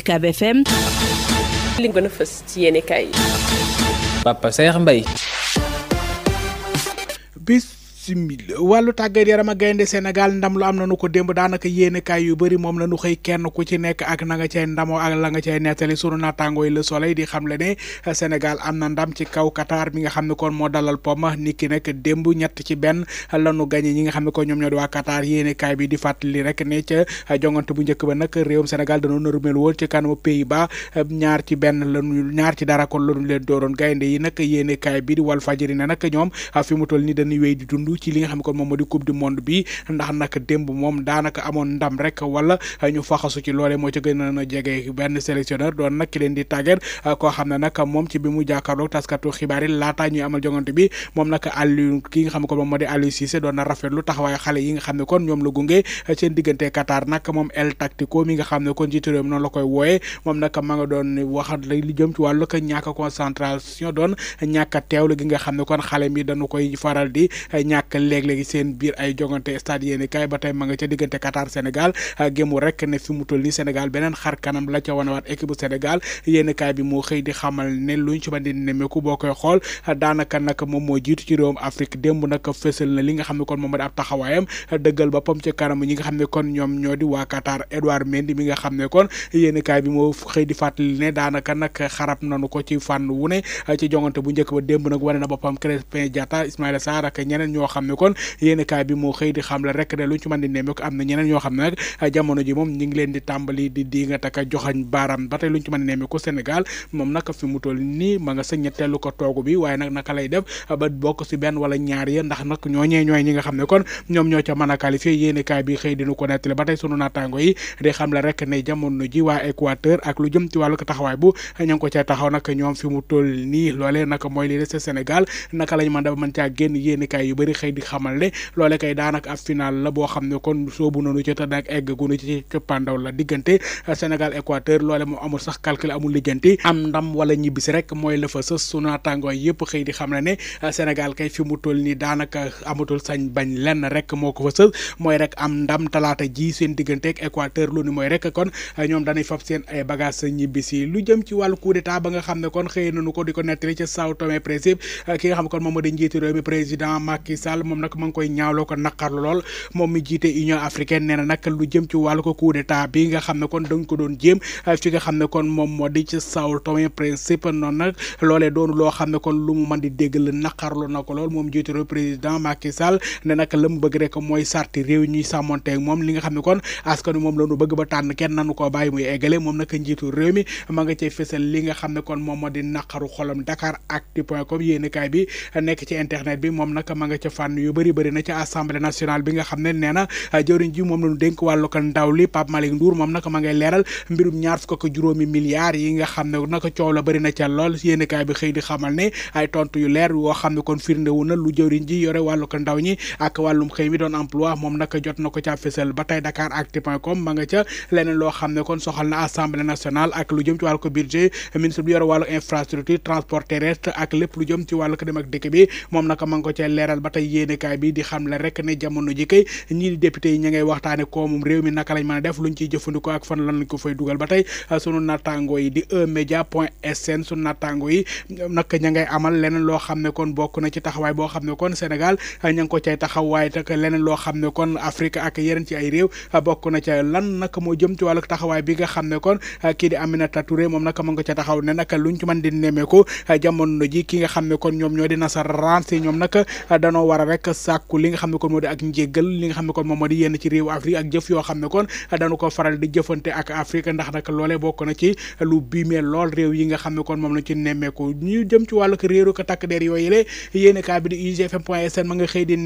UCAB FM. li gën a ci yéenekaay yi. Papa Saer Mbaye. simili wàllu tàggat yaram ak gaynde Sénégal ndam lu am na nu ko démb daanaka yéenekaay yu bëri moom la nu xëy kenn ku ci nekk ak na nga cay ndamoo la nga cay nettali sunu naataangoo yi Le Soleil di xam le ne am na ndam ci kaw Qatar bi nga xam ne kon moo dalal pom nit ki nag démb ñett ci benn la nu gagné ñi nga xam ne kon ñoom ñoo di waa Qatar yéenekaay bi di fàttali rek ne ca jongante bu njëkk ba nag réewum Sénégal danoon na rumel woon ci kanamu Pays-Bas ñaar ci benn lañu ñaar ci dara kon lañu leen dooroon gaynde yi nag yéenekaay bi di Walf Fadjri ne nag ñoom fi mu toll ni dañuy wéy di dund ci li nga xam ne kon moom moo di coupe du monde bi ndax nag démb moom daanaka amoon ndam rek wala ñu faxasu ci loole moo ci gën a jege benn sélectionneur doon nag ki leen di tàggat koo xam ne nag moom ci bi mu jàkkaarloog taskatu xibaar yi laataa ñuy amal jongante bi moom nag Aliou ki nga xam ne kon moom moo di doon na rafetlu taxawaay xale yi nga xam ne kon ñoom la gunge seen diggante Qatar nag moom El Tactico mi nga xam ne kon jiitu réew noonu la koy wooyee moom nag ma nga doon wax li jëm ci wàllu ñàkk concentration doon ñàkk teew la gi nga xam ne kon xale mi dañu koy faral di ñàkk ñàkk léeg-léegi seen biir ay jongante stade yéeni kaay ba tey ma nga ca diggante Qatar Sénégal ah, gému rek ne fi mu toll nii Sénégal beneen xar kanam la ca wanawaat équipe bu Sénégal yéeni kaay bi moo xëy di xamal ne daanaka nag xarab nanu ko ci fànn wu ne ah, ci jongante bu njëkk ba démb nag wane na boppam Crépin Diatta Ismaïla Sarr ak ñeneen ñoo xam ne kon yéen kaay bi moo xëy di xam la rek ne lu ñu ci mën di nemmeeku am na ñeneen ñoo xam ne nag jamono ji moom ñi ngi leen di tàmbali di di nga lu ñu ci mën di nemmeeku Sénégal moom nag fi mu toll nii ma ko naka si benn wala ñaar ya ndax nag ñooñee ñooy ñi nga xam ne kon ñoom ñoo a qualifié yéen kaay bi xëy dinu ko nettali ba tey sunu naataango yi di xam la rek ne jamono ji waa Équateur ko ca taxaw nag ñoom fi mu toll nii loolee nag mooy li des Sénégal naka lañ man da mën caa génn yéen kaay yu bëri xëy di xamal ne loole kay daanaka ab final la boo xam ne kon soobu noonu ci te nag egg gunu ci cëppaandaw la diggante Sénégal Équateur loole moom amul sax calcul amul liggéenti am ndam wala ñibbisi rek mooy la fa sës su yëpp xëy di xam ne ne Sénégal kay fi mu toll nii daanaka amatul sañ bañ lenn rek moo ko fa sës mooy rek am ndam talaata ji seen digganteeg Équateur lu ni mooy rek kon ñoom dañuy fab seen ay bagage sa ñibbisi lu jëm ci wàllu coup d'état ba nga xam ne kon xëy nañu ko di ko nettali ca Sao Tomé Principe ki nga xam ne kon moom moo di njiitu mi président Macky Sall Sall moom nag ma ngi koy ñaawloo ko naqarlu lool moom mi jiite Union africaine nee na lu jëm ci wàllu ko coup d'état bi nga xam kon moom la naqarlu na ko lool moom jiite réew président Macky Sall ne nag la mu bëgg rek mooy sarti réew ñuy sàmmonteeg moom li nga xam ne kon askanu ma di naqaru xolam Dakar actu point com yéen bi nekk ci internet bi moom nag ma ca fànn yu bëri bëri na ci assemblée nationale bi nga xam ne nee na ah, jëwriñ ji moom la ñu dénk wàllu ko ndaw li Pape Malick Ndour moom nag ma ngay leeral mbirum ñaar fukk ak juróomi milliards yi nga xam ko ca leeral ba tey yéenekaay bi di xam la rek ne jamono ji kay ñii di député yi ña ngay koomum réew mi naka lañ mën a def luñ ciy jëfandikoo ak fan lañ ko fay dugal ba tey sunu nattangoo yi di eMédia point sn sunu nattangoo yi nag ña amal leneen loo xam ne kon bokk na ci taxawaay boo xam ne kon Sénégal a ngi ko cay taxaw waaye tak leneen loo xam ne kon Afrique ak yeneen ci ay réew bokk na a lan nag moo jëm ci wàllu taxawaay bi nga xam ne kon kii di Aminata Touré moom nag mu ngi ko ca taxaw ne nag luñ ci mën di nemmeeku jamono ji ki nga xam ne kon di nasaraan si ñoom war a rek sàkku li nga xam ne kon moo di ak njéggal li nga xam ne kon moom moo di yenn ci réew Afrique ak jëf yoo xam ne kon dañu ko faral di jëfante ak Afrique ndax nag loolee bokk na ci lool réew yi nga xam ne kon moom lañ ci nemmeeku ñu jëm ci wàllu réeru ko takk der yooyu le yéeni kaa bi di ugfm point sn ma nga yi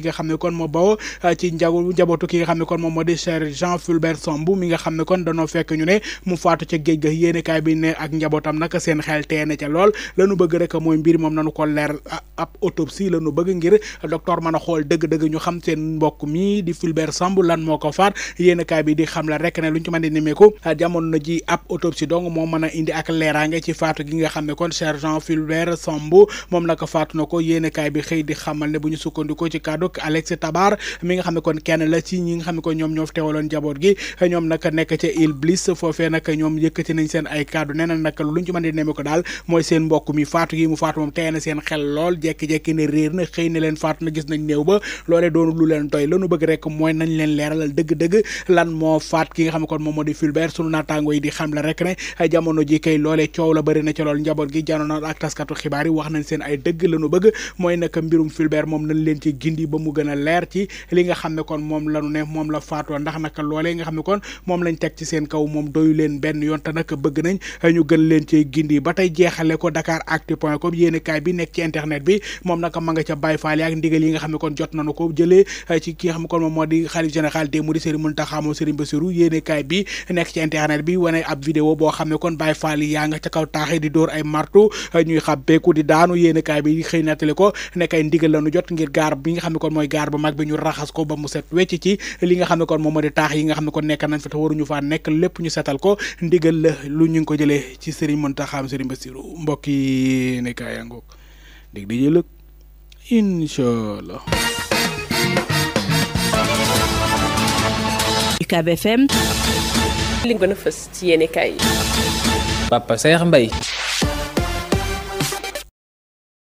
nga xam ne kon moo bawoo ci njagu njabootu ki nga xam ne kon moom moo di cher Jean Fulbert Sambou mi nga xam ne kon danoo fekk ñu ne mu faatu ca géej ga yéeni kaay bi ne ak njabootam nag seen xel tee na ca lool lañu bëgg rek mooy mbir moom nañu ko leer ab autopsie lañu bëgg ngir docteur mën a xool dëgg-dëgg ñu xam seen mbokk mi di Fulbert Sambou lan moo ko faat yéen kaay bi di xam la rek ne lu ñu ci mën di nimeeku jamono ji ab autopsie dong moo mën a indi ak leeraange gi nga xam ne kon sergent Fulbert Sambou moom naka faatu na ko yéen kaay bi xëy di xamal ne bu ñu sukkandikoo ci kàddu Alex Tabar mi nga xam ne kon kenn la ci nga xam ne kon ñoom ñoo fi teewaloon njaboot gi ñoom nag nekk ca Île Bliss foofee nag ñoom yëkkati nañ seen ay kàddu nee na ko daal mooy seen mbokk mi faatu gi mu faatu moom tey na seen xel lool jekki-jekki ne réer na xëy ne leen faat na gis nañ néew ba loolee doonu lu leen doy lan moo faat ki nga xam ne kon moom moo di Fulbert sunu naataango yi di xam la la bëri na ci lool gi janoona ak wax nañ seen ay dëgg lanu bëgg mooy nag mbirum Fulbert moom nañ leen ci gindi ba mu a leer ci xam ne kon moom lanu ne moom la faatoo ndax naka loolee nga xam ne kon moom lañ teg ci seen kaw moom doyu leen benn yoon te nag bëgg nañ ñu gën leen ci gindi ba tey jeexale ko Dakaractu point com yéen kaay bi nekk ci internet bi moom nag ma nga ca Baye Fall yi nga xam ne kon jot nañu ko jëlee eh, ci ki nga xam ne kon moom moo di xalif général des mourides Serigne Mountakha kon Baye Fall yaa nga ca kaw taaxe di dóor ay martu eh, ñuy xàbbeeku di daanu yéenekaay bi xëy nattali ko nekk ay ndigal lañu jot ngir gaar bi nga xam ne kon mooy gaar bu mag bi ñu raxas ko ba mu set wecc ci li nga kon moom moo taax yi nga xam ne kon nekk nañ fa te waruñu faa nekk lépp ñu setal ko ndigal la lu ñu ngi ko jëlee ci Serigne Mountakha Serigne Bassirou mbokk yi nekk ay ngoog dégg inchaallah UCAB FM li gën a fës ci yéene kaay Papa Saer Mbaye